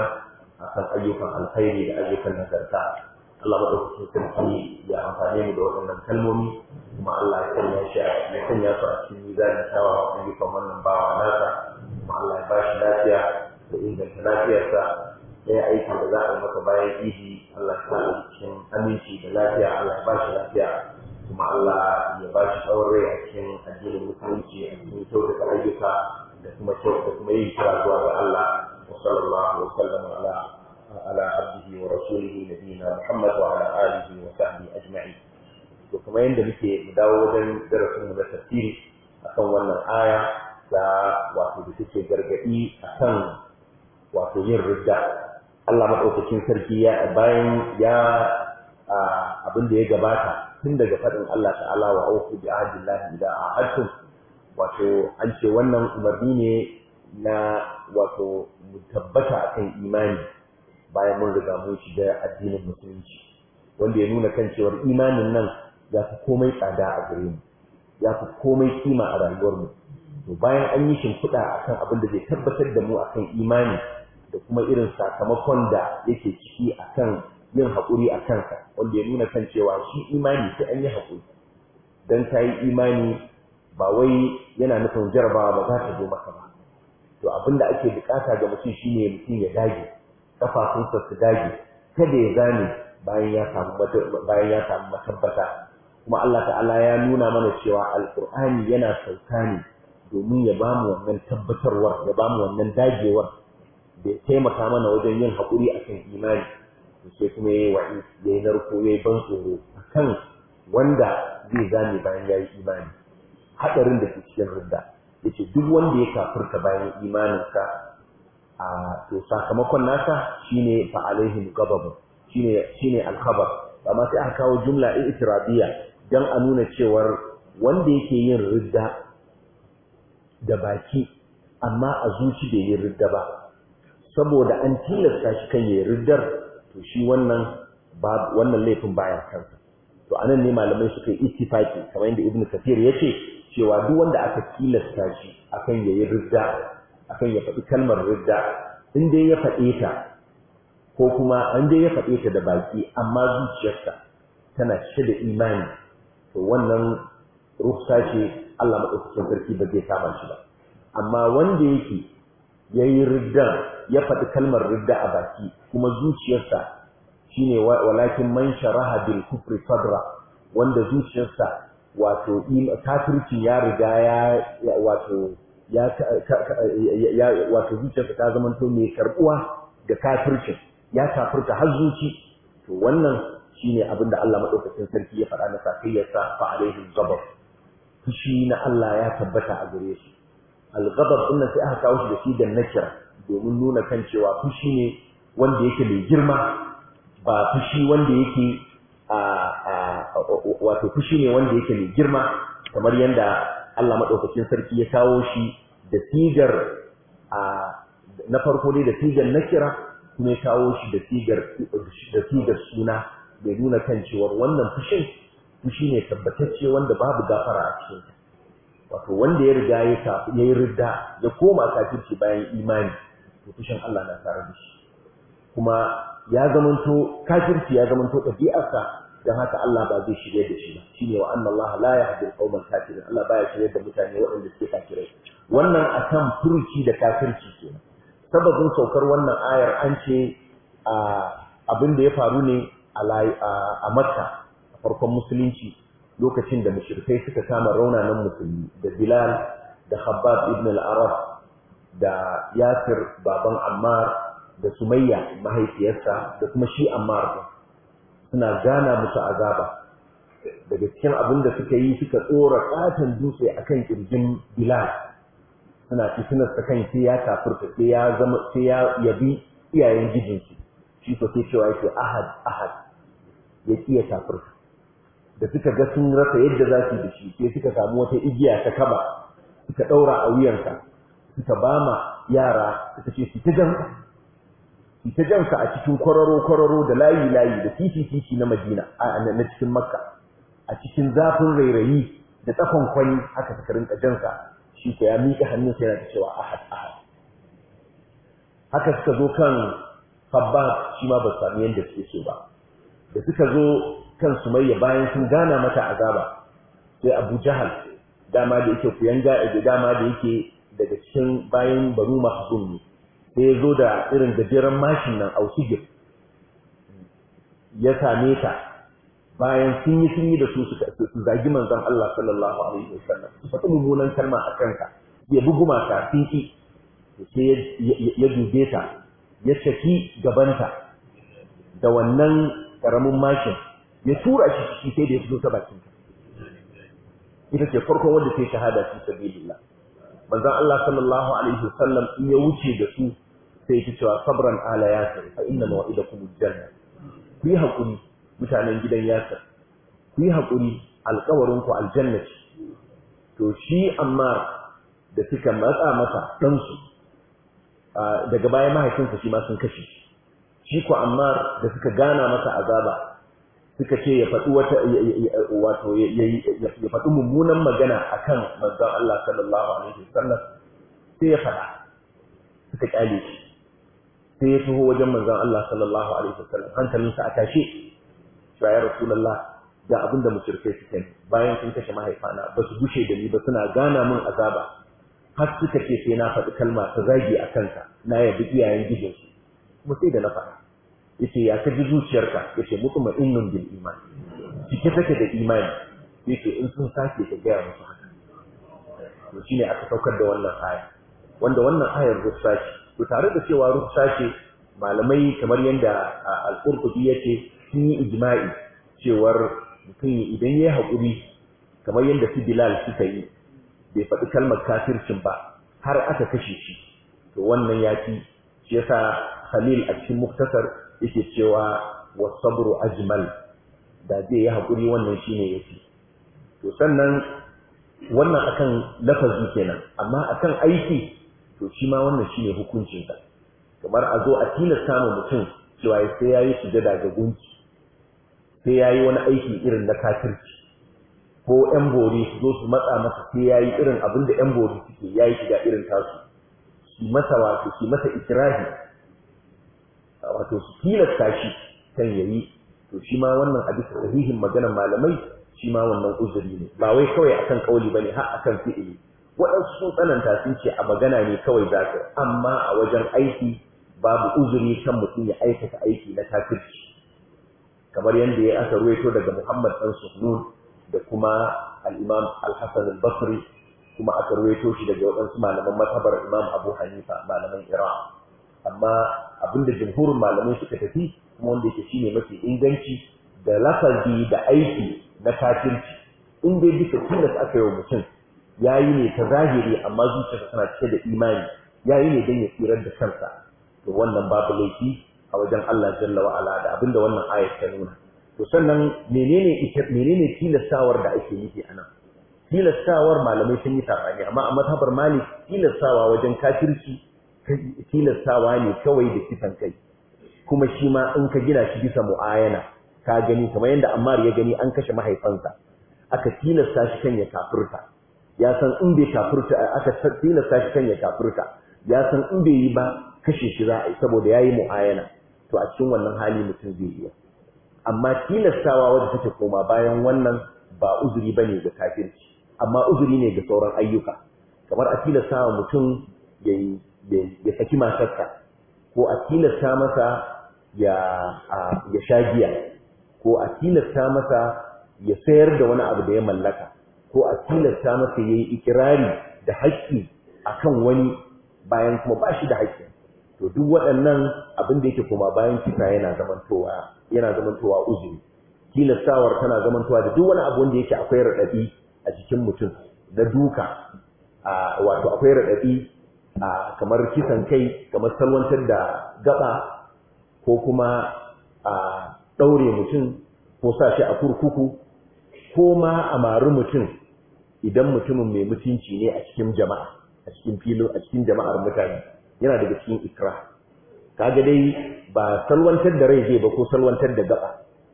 A: akan ayyukan alkhairi da ayyukan nagarta Allah madaukakin sarki ya amfane mu da waɗannan kalmomi
B: kuma Allah ya sanya shi ya sanya su a cikin mizanin tawa ayyukan wannan bawa nasa kuma Allah ya bashi lafiya da inganta lafiyarsa ɗaya aikin da za a maka bayan idi Allah ya sa cikin aminci da lafiya Allah ya bashi lafiya
A: kuma Allah ya bashi tsawon rai a cikin addinin musulunci a cikin kyautata ayyuka da kuma kyautata kuma yin kira zuwa ga Allah wa sallallahu wa sallam ala على عبده ورسوله نبينا محمد وعلى آله وصحبه أجمعين وكما يندمك مداودا درس من التفسير أكون وانا الآية لا واتو gargadi جرقائي أكون yin ridda Allah maɗaukakin sarki ya bayan ya abin da ya gabata tun daga faɗin Allah ta'ala wa auku bi ahdillahi idza wato an ce wannan umarni ne na wato mu tabbata akan imani bayan mun riga mun shiga addinin musulunci wanda ya nuna kan cewar imanin nan ya fi komai tsada a gare mu ya fi komai kima a rayuwar mu to bayan an yi shimfiɗa akan abin da zai tabbatar da mu akan imani da kuma irin sakamakon da yake ciki akan yin haƙuri a kansa wanda ya nuna kan cewa shi imani sai an yi haƙuri don ta yi imani ba wai yana nufin jarabawa ba za ta zo maka ba to abin da ake bukata ga mutum shine mutum ya dage kafafunsa su dage kada ya gane bayan ya samu bayan ya samu matabbata kuma Allah ta'ala ya nuna mana cewa alqur'ani yana sauka ne domin ya bamu mu wannan tabbatarwar ya bamu wannan dagewar da ya taimaka mana wajen yin haƙuri akan imani sai kuma yayi wa'i yayi narko yayi ban tsoro kan wanda zai gane bayan yayi imani hadarin da ke cikin ridda yace duk wanda ya kafirta bayan imaninsa a to sakamakon nasa shine fa alaihim ghadab shine shine al-khabar amma sai aka kawo jumla i'tirabiyya dan a nuna cewar wanda yake yin ridda da baki amma a zuci bai yi ridda ba saboda an tilasta shi kan yi riddar to shi wannan wannan laifin baya kansa to anan ne malamai suka yi ittifaki kamar yadda ibnu kathir yace cewa duk wanda aka tilasta shi akan yayi ridda akan ya faɗi kalmar ridda in dai ya faɗe ta ko kuma an dai ya faɗe ta da baki amma zuciyarsa tana cike da imani to wannan rufsa ce Allah madaukakin sarki ba zai kama shi ba amma wanda yake ya yi ridda ya faɗi kalmar ridda a baki kuma zuciyarsa shine walakin man sharaha bil kufri sadra wanda zuciyarsa wato kafirci ya riga ya wato ya wato zuciyarsa ta zamanto mai karbuwa ga kafircin ya kafirta har zuci to wannan shine abin da Allah madaukakin sarki ya faɗa na sakayyarsa fa alaihi ghadab fushi na Allah ya tabbata a gare shi al-ghadab din sai aka kawo shi da shi da nakira domin nuna kan cewa fushi ne wanda yake mai girma ba fushi wanda yake a wato fushi ne wanda yake mai girma kamar yanda Allah madaukakin sarki ya kawo shi da sigar na farko ne da sigar nakira kuma ya kawo shi da tigar da sigar suna mai nuna kan cewa wannan fushin fushi ne tabbatacce wanda babu gafara a cikin wato wanda ya riga ya yi ridda ya koma kafirci bayan imani to fushin Allah na tare da shi kuma ya zamanto kafirci ya zamanto ɗabi'arsa dan haka Allah ba zai shirye da shi ba shine wa anna Allah la yahdi al-qawm kafirin Allah baya shirye da mutane waɗanda suke kafirai wannan akan furuci da kafirci kenan sababin saukar wannan ayar an ce abin da ya faru ne a Makka a farkon musulunci lokacin da mushrikai suka kama raunanan musulmi da Bilal da Khabbab ibn al-Arab da Yasir baban Ammar da Sumayya mahaifiyarsa da kuma shi Ammar suna gana musu azaba daga cikin abin da suka yi suka tsora katon dutse akan kirgin bilal suna fitinar ta kan sai ya kafirta sai ya zama sai ya yabi iyayen gijinsu shi ko sai cewa yake ahad ahad ya ya kafirta da suka ga sun rasa yadda za su da shi sai suka samu wata igiya ta kaba suka ɗaura a wuyanka suka bama yara suka ce su ta ita jansa a cikin kwararo-kwararo da layi-layi da titi-titi na Madina na cikin Makka a cikin zafin rairayi da tsakon kwani haka suka rinka jansa shi ko ya miƙe hannun sai da cewa ahad ahad haka suka zo kan fabba shi ma ba su sami yadda suke so ba da suka zo kan Sumayya bayan sun gana mata azaba sai Abu Jahal dama da yake kuyanga da dama da yake daga cikin bayan Baruma Mahzum ne sai ya zo da irin gajeren mashin nan ausigir ya same ta bayan sun yi sun yi da su su zagi manzon Allah sallallahu alaihi wasallam su faɗi mummunan kalma a kanka ya bugu ka fiki sai ya dube ta ya saki gabanta da wannan karamin mashin ya tura shi ciki sai da ya zo ta bakin ta ita ce farkon wanda ta yi shahada fi sabilillah manzon Allah sallallahu alaihi wasallam in ya wuce da su sai shi cewa sabran ala yasir fa inna mawa'idakum aljanna ku yi hakuri mutanen gidan yasir ku yi hakuri alƙawarin ku aljanna ce to shi amma da suka matsa masa dan su daga baya mahaifinsa shi ma sun kashe shi ku amma da suka gana masa azaba suka ce ya faɗi wata wato ya faɗi mummunan magana akan manzon Allah sallallahu alaihi wasallam sai ya faɗa suka kyale shi sai ya taho wajen manzon Allah sallallahu alaihi wasallam hankalinsa a tashe cewa ya rasulullah ga abin da mushrikai suke bayan sun kashe mahaifana ba su gushe da ni ba suna gana min azaba har suka ce sai na faɗi kalma ta zagi a kanka na yabi iyayen gidansu kuma sai da na faɗa ce ya ka ji zuciyarka yace mutuma innun bil iman cike take da imani ce in sun sake ka gaya musu haka to shine aka saukar da wannan aya wanda wannan ayar gaskiya to tare da cewa ruksa ce malamai kamar yadda al-qurtubi yake sun yi ijma'i cewar mutum idan yayi hakuri kamar yadda su bilal suka yi bai faɗi kalmar kafircin ba har aka kashe shi to wannan ya fi, shi yasa khalil a cikin muktasar yake cewa sabru ajmal da zai yi hakuri wannan shine fi. to sannan wannan akan lafazi kenan amma akan aiki to shi ma wannan shine hukuncinsa kamar a zo a tilasta ma mutum cewa sai ya yi sujada ga gunki sai ya yi wani aiki irin na kafirci ko yan bori su zo su matsa masa sai ya yi irin abin da yan bori suke ya yi shiga irin tasu su masa wato su masa ikirahi wato su tilasta shi kan ya yi to shi ma wannan a bisa sahihin maganar malamai shi ma wannan uzuri ne ba wai kawai akan kauli bane har akan fi'ili waɗansu sun tsananta sun ce a magana ne kawai za ka amma a wajen aiki babu uzuri kan mutum ya aikata aiki na kafirci kamar yadda ya aka ruwaito daga Muhammad dan Sunnun da kuma al-Imam al-Hasan al-Basri kuma aka ruwaito shi daga waɗansu malaman matabar Imam Abu Hanifa malaman Iran amma abinda jumhurin malamai suka tafi kuma wanda ke yake ne mafi inganci da lafazi da aiki na kafirci in dai bisa tilas aka yi wa mutum yayi ne ta zahiri amma zuciyarsa tana cike da imani yayi ne dan ya tsirar da kansa to wannan babu laifi a wajen Allah jalla wa ala da abinda wannan ayat ta nuna to sannan menene menene tilastawar da ake a nan? tilastawar malamai sun yi sabani amma a mazhabar malik tilastawa wajen kafirci tilastawa ne kawai da kisan kai kuma shi ma in ka gina shi bisa mu'ayana ka gani kamar yadda Ammar ya gani an kashe mahaifansa aka tilasta shi kan ya kafirta ya san in bai kafirta aka tattila shi kan ya kafirta ya san in bai yi ba kashe shi za a yi saboda ya yi mu'ayana to a cikin wannan hali mutum zai iya amma tilastawa wadda take koma bayan wannan ba uzuri ba ne ga kafirci amma uzuri ne ga sauran ayyuka kamar a tilastawa wa mutum ya saki matarsa ko a tilasta masa ya sha giya ko a tilasta masa ya sayar da wani abu da ya mallaka ko a tilasta masa ya yi ikirari da haƙƙi a kan wani bayan kuma ba shi da haƙƙi to duk waɗannan abin da yake koma bayan kisa yana zamantowa yana uzuri tilastawar tana zamantowa da duk wani abu wanda yake akwai raɗaɗi a jikin mutum da duka wato akwai raɗaɗi kamar kisan kai kamar salwantar da gaba ko kuma a ɗaure mutum ko sa a kurkuku ko ma a mari mutum idan mutumin mai mutunci ne a cikin jama'a a cikin filo a cikin jama'ar mutane yana daga cikin ikra kaga dai ba salwantar da rai zai ba ko salwantar da gaba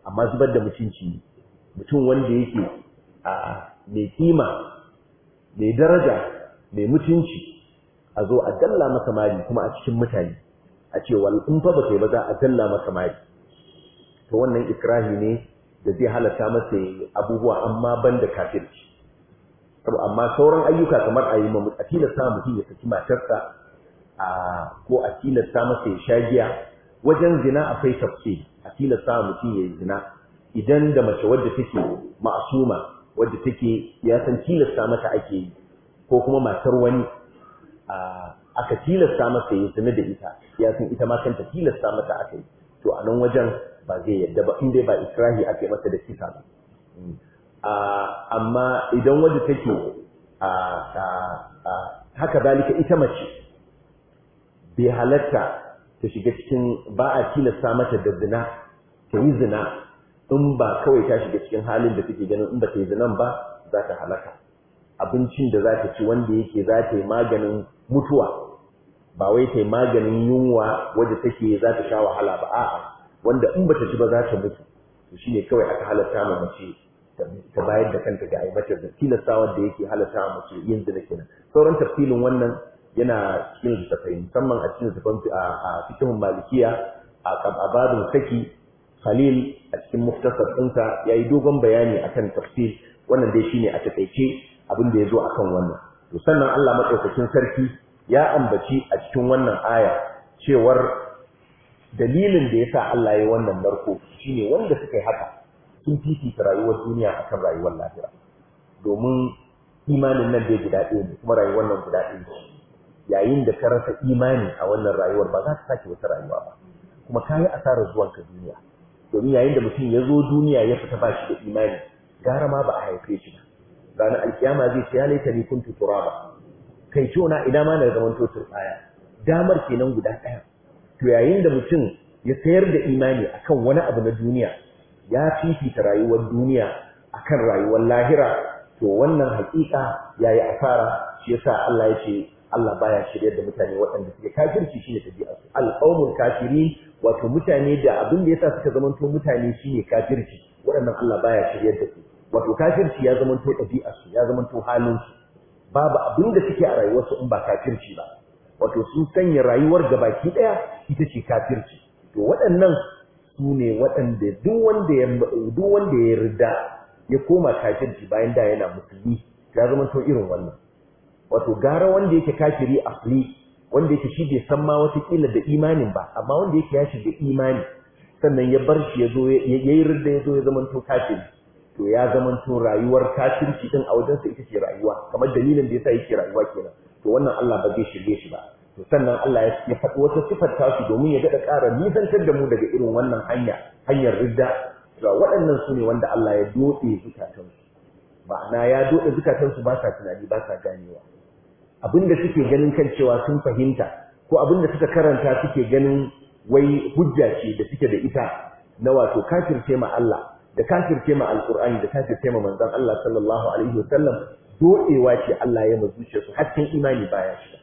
A: amma zubar da mutunci mutum wanda yake a mai kima mai daraja mai mutunci a zo a dalla masa mari kuma a cikin mutane a ce wal in fa ba kai ba za a dalla masa mari to wannan ikrahi ne da zai halatta masa abubuwa amma banda kafirci amma sauran ayyuka kamar a yi a tilasta mutum ya saki matarsa a ko a tilasta masa ya sha giya wajen zina akwai tafsi a tilasta mutum ya yi zina idan da mace wadda take ma'asuma wadda take ya san tilasta mata ake yi ko kuma matar wani aka tilasta masa ya zina da ita ya san ita ma kanta tilasta mata aka yi to a nan wajen ba zai yadda ba in dai ba israhi ake masa da kisa ba hmm. amma idan waje take haka zalika ita mace bai halatta ta shiga cikin ba a tilasta mata da zina ta yi zina in ba kawai ta shiga cikin halin da take ganin in ba ta yi zinan ba za ta halaka abincin da za ta ci wanda yake za ta yi maganin mutuwa ba wai ta yi maganin yunwa wadda take za ta sha wahala ba a'a wanda in ba ta ci ba za ta mutu to ne kawai aka halatta ma mace ta bayar da kanta ga aibatar da, tilastawa da yake halatta a mace yin zina kenan sauran tafsirin wannan yana cikin littafai musamman a cikin littafin a fikihun malikiya a kababadun saki khalil a cikin muftasar ɗinsa ya yi dogon bayani akan tafsir. wannan dai shine a takaice abin da ya zo akan wannan to sannan Allah madaukakin sarki ya ambaci a cikin wannan aya cewar dalilin da ya sa Allah ya yi wannan narko shine wanda suka yi haka sun fifita rayuwar duniya akan rayuwar lahira domin imanin nan bai guda ɗaya ne kuma rayuwar nan guda ɗaya ne. yayin da ka rasa imani a wannan rayuwar ba za ka sake wata rayuwa ba kuma ka yi asarar zuwan ka duniya domin yayin da mutum ya zo duniya ya fita ba shi da imani gara ma ba a haife shi ba ranar alkiyama zai ce ya laita ni kuntu turaba kai ce na ina ma na zaman totur damar kenan guda ɗaya to yayin da mutum ya sayar da imani akan wani abu na duniya ya fifita rayuwar duniya akan rayuwar lahira to wannan hakika yi asara shi yasa Allah ya ce Allah baya shirya da mutane waɗanda suke kafirci shi ne su al kafirin wato mutane da abin da yasa suka to mutane shine kafirci waɗannan Allah baya shirya da su wato kafirci ya zamanto tabi'a su ya zamanto halin su babu abin da suke a rayuwarsu in ba kafirci ba wato sun sanya rayuwar gabaki ɗaya ita ce kafirci to waɗannan su ne waɗanda duk wanda ya duk ya rida ya koma kafirci bayan da yana musulmi ya zama to irin wannan wato gara wanda yake kafiri asli wanda yake shi bai san ma wata kila da imanin ba amma wanda yake ya shiga imani sannan ya bar shi ya zo ya yi ridda ya zo ya zama to kafiri to ya zama to rayuwar kafirci din a wajensa ita ce rayuwa kamar dalilin da yasa yake rayuwa kenan to wannan Allah ba zai shirye shi ba to sannan Allah ya faɗi wata sifar tashi domin ya daɗa ƙara nisantar da mu daga irin wannan hanya hanyar ridda ga waɗannan su ne wanda Allah ya doɗe zukatansu ma'ana ya doɗe zukatansu ba sa tunani ba sa ganewa abinda suke ganin kan cewa sun fahimta ko abinda suka karanta suke ganin wai hujja ce da suke da ita na wato kafirce ma Allah da kafirce ma alqur'ani da kafirce ma manzon Allah sallallahu alaihi wasallam doɗewa ce Allah ya mazuce su hakkin imani baya shi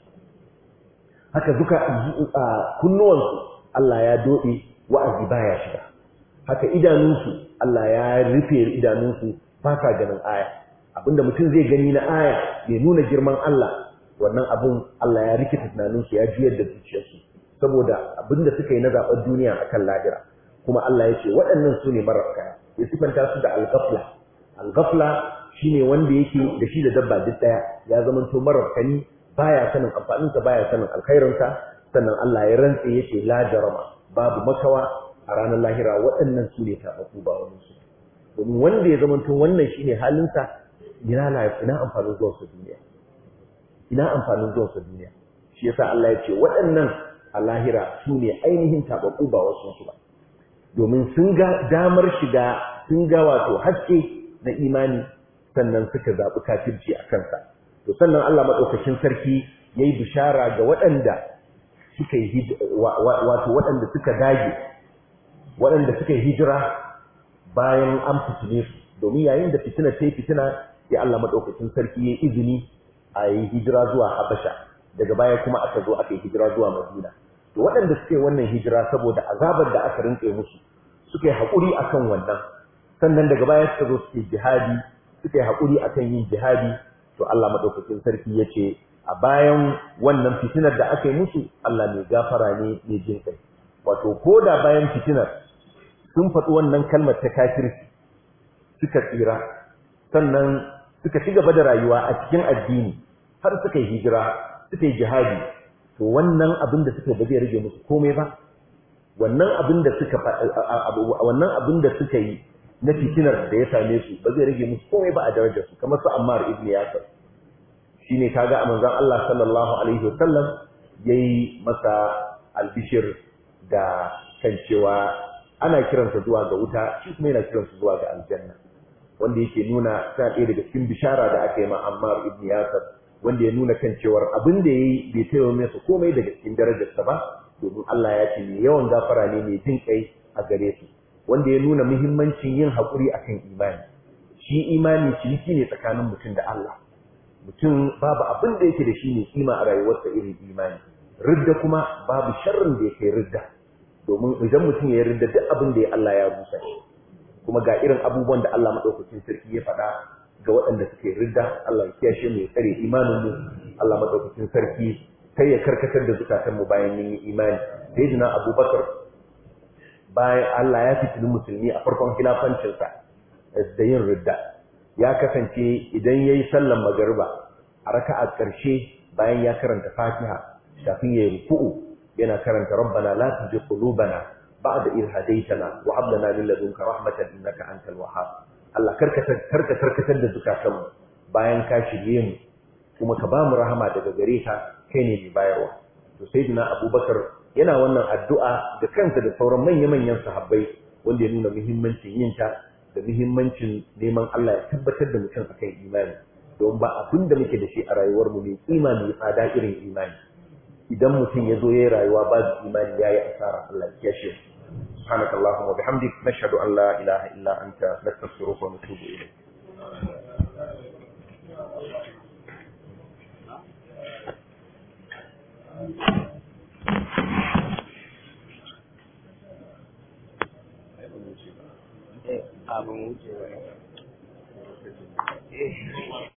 A: haka duka a kunnuwansu Allah ya doɗe wa'azi baya shiga haka idanunsu Allah ya rufe idanunsu ba ganin aya abinda mutum zai gani na aya mai nuna girman Allah wannan abin Allah ya rikita tunaninsu ya juyar da zuciyarsu saboda abinda suka yi na zaɓar duniya akan lahira kuma Allah ya ce waɗannan su ne marar kaya ya sifanta su da algafla algafla shine wanda yake da da dabba duk ɗaya ya zamanto marar kani baya sanin amfaninsa baya sanin alkhairinsa sannan Allah ya rantse ce la jarama babu makawa a ranar lahira waɗannan su ne tafafu ba wani su domin wanda ya zamanto wannan shine halinsa ina ina amfanin zuwan su duniya ina amfanin zuwan su duniya shi yasa Allah ya ce waɗannan a lahira su ne ainihin tafafu ba wasu su ba domin sun ga damar shiga sun ga wato haske na imani sannan suka zaɓi kafirci a kansa to sannan Allah madaukakin sarki yayi bishara ga waɗanda suka yi wato waɗanda suka dage waɗanda suka yi hijira bayan an fitine su domin yayin da fitina ta fitina ya Allah madaukakin sarki yayi izini a yi hijira zuwa Habasha daga baya kuma aka zo aka yi hijira zuwa Madina to waɗanda suke wannan hijira saboda azabar da aka rinƙe musu suke haƙuri akan wannan sannan daga baya suka zo suke jihadi suke haƙuri akan yin jihadi to Allah madaukakin sarki yace a bayan wannan fitinar da aka yi musu Allah mai gafara ne mai jin kai wato koda bayan fitinar sun faɗi wannan kalmar ta kafirci suka tsira sannan suka ci gaba da rayuwa a cikin addini har suka yi hijira suka yi jihadi to wannan abin da suka ba zai rage musu komai ba wannan abin da suka wannan abin da suka yi na fitinar da ya same su ba zai rage musu komai ba a darajar su kamar su Ammar ibn Yasir shine kaga manzon Allah sallallahu alaihi wasallam yayi masa albishir da kan cewa ana kiransa zuwa ga wuta shi kuma yana kiransa zuwa ga aljanna wanda yake nuna ta ɗaya daga cikin bishara da aka yi ma Ammar ibn Yasir wanda ya nuna kan cewar abin da yayi bai tayo masa komai daga cikin darajarsa ba domin Allah ya ce yawan gafara ne mai jin kai a gare su wanda ya nuna muhimmancin yin haƙuri akan imani shi imani ciniki ne tsakanin mutum da Allah mutum babu abin da yake da shi ne kima a rayuwarsa irin imani ridda kuma babu sharrin da ya kai ridda domin idan mutum ya ridda duk abin da ya Allah ya rusa kuma ga irin abubuwan da Allah madaukakin sarki ya faɗa ga waɗanda suke ridda Allah ya kiyashe mu ya tsare imanin mu Allah madaukakin sarki sai ya karkatar da zukatan mu bayan mun yi imani sayyidina Abubakar bayan Allah ya fitini musulmi a farkon khilafancinsa da yin ridda ya kasance idan yayi sallar magariba a raka'a ƙarshe bayan ya karanta Fatiha kafin ya ruku'u yana karanta rabbana la tuzigh qulubana ba'da idh hadaytana wa hab lana min ladunka rahmatan innaka antal wahhab Allah karkatar karkatar da mu bayan ka shirye mu kuma ka ba mu rahama daga gare ka kai ne mai bayarwa to sayyidina Abubakar yana wannan addu'a da kansa da sauran manya-manyan sahabbai wanda ya nuna muhimmancin yin ta da muhimmancin neman Allah ya tabbatar da mutum akan imani don ba abin da muke da shi a rayuwar mu mai kima mai tsada irin imani idan mutum ya zo yayin rayuwa ba da imani ya yi asara Allah ya shi subhanakallahumma wa bihamdik nashhadu an la ilaha illa anta nastaghfiruka wa natubu ilayk
B: Thank you. Avon moun.